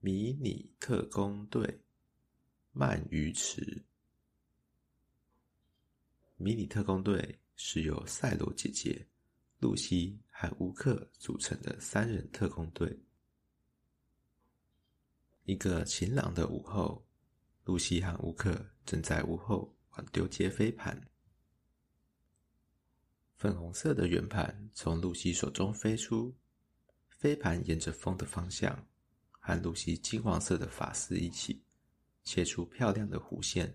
迷你特攻隊，慢魚池。迷你特攻隊是由賽蘿姐姐、露西、和烏克組成的三人特攻隊。一個晴朗的午後，露西和烏克正在屋後玩丟接飛盤。粉紅色的圓盤從露西手中飛出，飛盤沿着風的方向，和露西金黃色的髮絲一起，切出漂亮的弧線，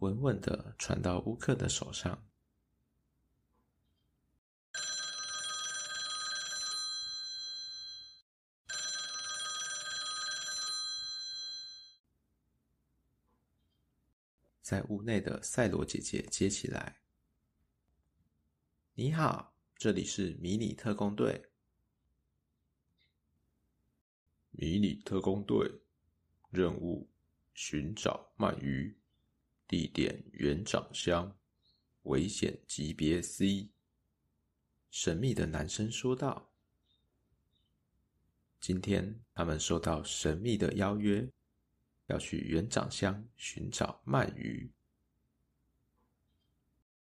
穩穩的傳到烏克的手上。在屋內的賽羅姐姐接起來。你好，這裡是迷你特攻隊。迷你特攻隊任務：尋找慢魚，地點：元長鄉，危險級別 C。神秘的男生說道：“今天他們受到神秘的邀約，要去元長鄉尋找慢魚。”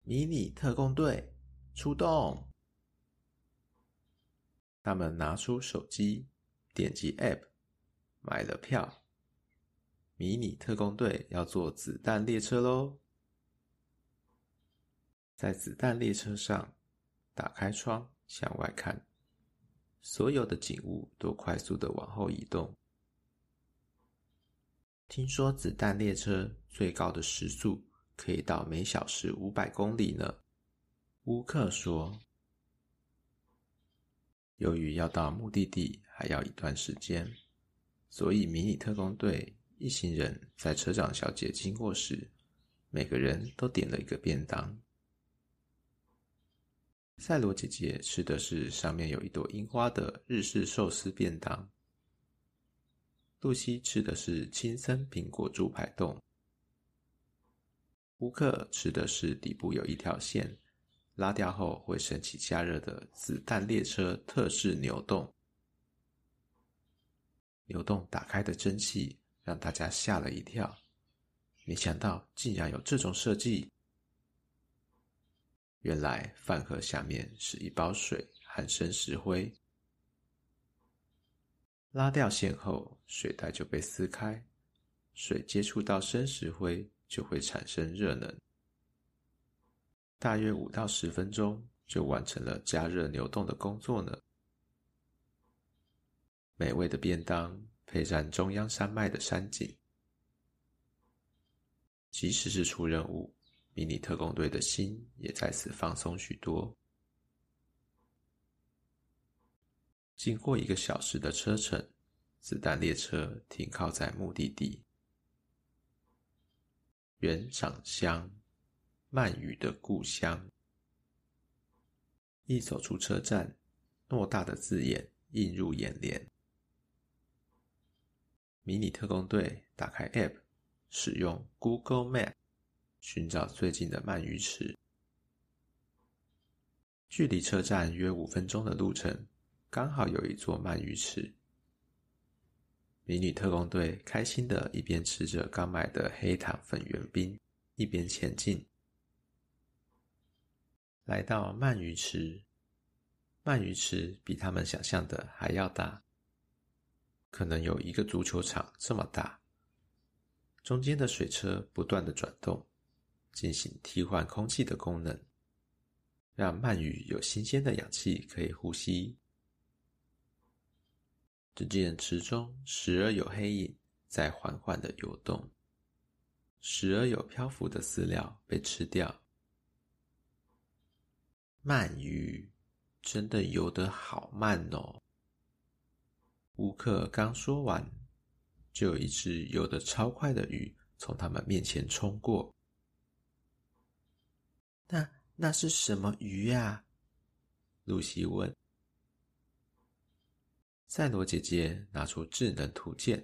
迷你特攻隊。出動！他們拿出手機，點擊 App，買了票。迷你特攻隊要坐子彈列車嘍！在子彈列車上，打開窗向外看，所有的景物都快速的往後移動。聽說子彈列車最高的時速可以到每小時五百公里呢。烏克說：“由於要到目的地還要一段時間，所以迷你特攻隊一行人在車長小姐經過時，每個人都點了一個便當。賽蘿姐姐吃的是上面有一朵櫻花的日式壽司便當，露西吃的是青森蘋果豬排凍，烏克吃的是底部有一條線。”拉掉後會升起加熱的子彈列車特制牛丼，牛丼打開的蒸汽讓大家嚇了一跳，沒想到竟然有這種設計。原來飯盒下面是一包水含生石灰，拉掉線後水袋就被撕開，水接觸到生石灰就會產生熱能。大約五到十分鐘就完成了加熱牛動的工作呢。美味的便當配上中央山脈的山景，即使是出任務，迷你特工隊的心也在此放鬆許多。經過一個小時的車程，子彈列車停靠在目的地——元長鄉。慢魚的故鄉。一走出車站，偌大的字眼映入眼簾。迷你特攻隊打開 App，使用 Google Map 尋找最近的慢魚池，距離車站約五分鐘的路程，剛好有一座慢魚池。迷你特攻隊開心地一邊吃着剛買的黑糖粉圓冰，一邊前進。來到鰻魚池，鰻魚池比他們想象的還要大，可能有一個足球場這麼大。中間的水車不斷的轉動，進行替換空氣的功能，讓鰻魚有新鮮的氧氣可以呼吸。只見池中時而有黑影在緩緩的游動，時而有漂浮的飼料被吃掉。慢魚真的游得好慢哦！烏克剛說完，就有一只游得超快的魚從他們面前衝過。那那是什麼魚呀、啊？露西問。賽蘿姐姐拿出智能圖鑑，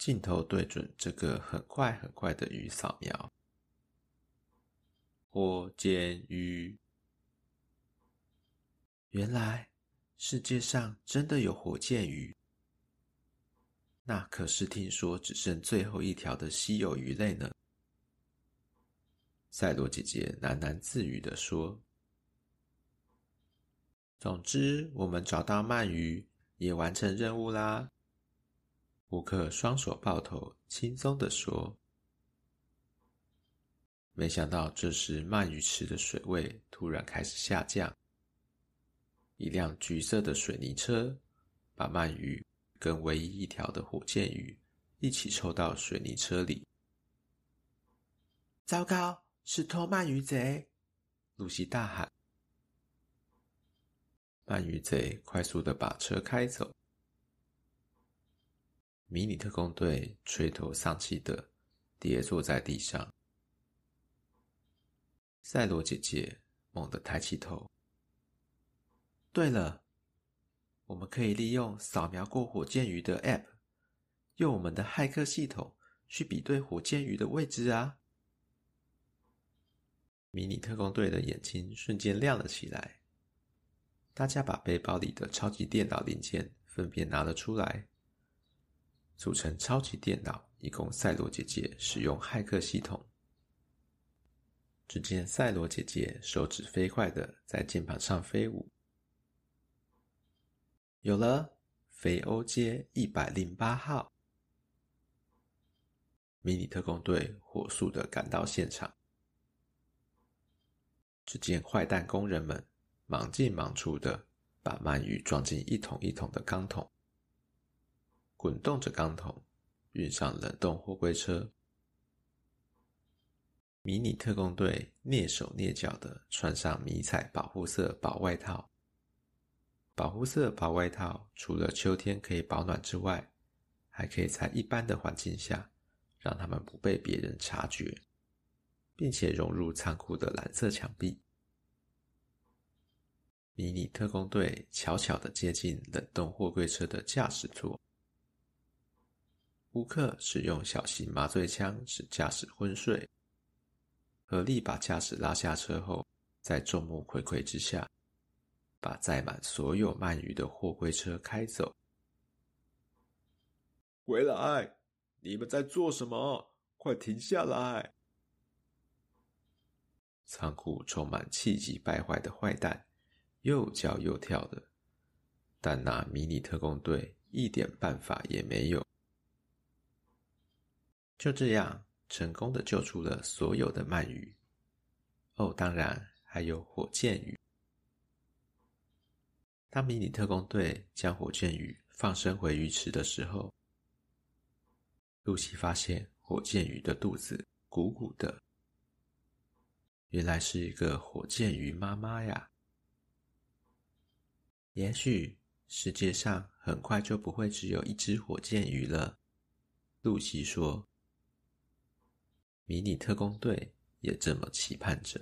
鏡頭對準這個很快很快的魚掃描。火箭魚，原來世界上真的有火箭魚，那可是聽說只剩最後一條的稀有魚類呢。賽蘿姐姐喃喃自語的說：“總之，我們找到慢魚，也完成任務啦。”烏克雙手抱頭，輕鬆的說。沒想到，這時慢魚池的水位突然開始下降。一輛橘色的水泥車把慢魚跟唯一一條的火箭魚一起抽到水泥車裡。糟糕，是偷慢魚賊！露西大喊。慢魚賊快速的把車開走。迷你特攻隊垂頭喪氣的跌坐在地上。賽蘿姐姐猛地抬起頭。對了，我們可以利用掃描過火箭魚的 App，用我們的駭客系統去比對火箭魚的位置啊！迷你特攻隊的眼睛瞬間亮了起來。大家把背包裡的超級電腦零件分別拿了出來，組成超級電腦，以供賽蘿姐姐使用駭客系統。只見賽蘿姐姐手指飛快的在鍵盤上飛舞，有了，肥歐街一百零八號！迷你特攻隊火速的趕到現場。只見壞蛋工人們忙進忙出的把慢魚裝進一桶一桶的鋼桶，滾動着鋼桶運上冷凍貨櫃車。迷你特工隊躡手躡腳的穿上迷彩保護色薄外套。保護色薄外套除了秋天可以保暖之外，還可以在一般的環境下讓他們不被別人察覺，並且融入倉庫的藍色牆壁。迷你特工隊悄悄的接近冷凍貨櫃車的駕駛座。烏克使用小型麻醉槍使駕駛昏睡。合力把駕駛拉下車後，在眾目睽睽之下，把載滿所有鰻魚的貨櫃車開走。回來！你們在做什麼？快停下來！倉庫充滿氣急敗壞的壞蛋，又叫又跳的，但那迷你特攻隊一點辦法也沒有。就這樣。成功的救出了所有的鰻魚，哦，當然還有火箭魚。當迷你特工隊將火箭魚放生回魚池的時候，露西發現火箭魚的肚子鼓鼓的，原來是一個火箭魚媽媽呀！也許世界上很快就不會只有一隻火箭魚了，露西說。迷你特攻隊也這麼期盼着。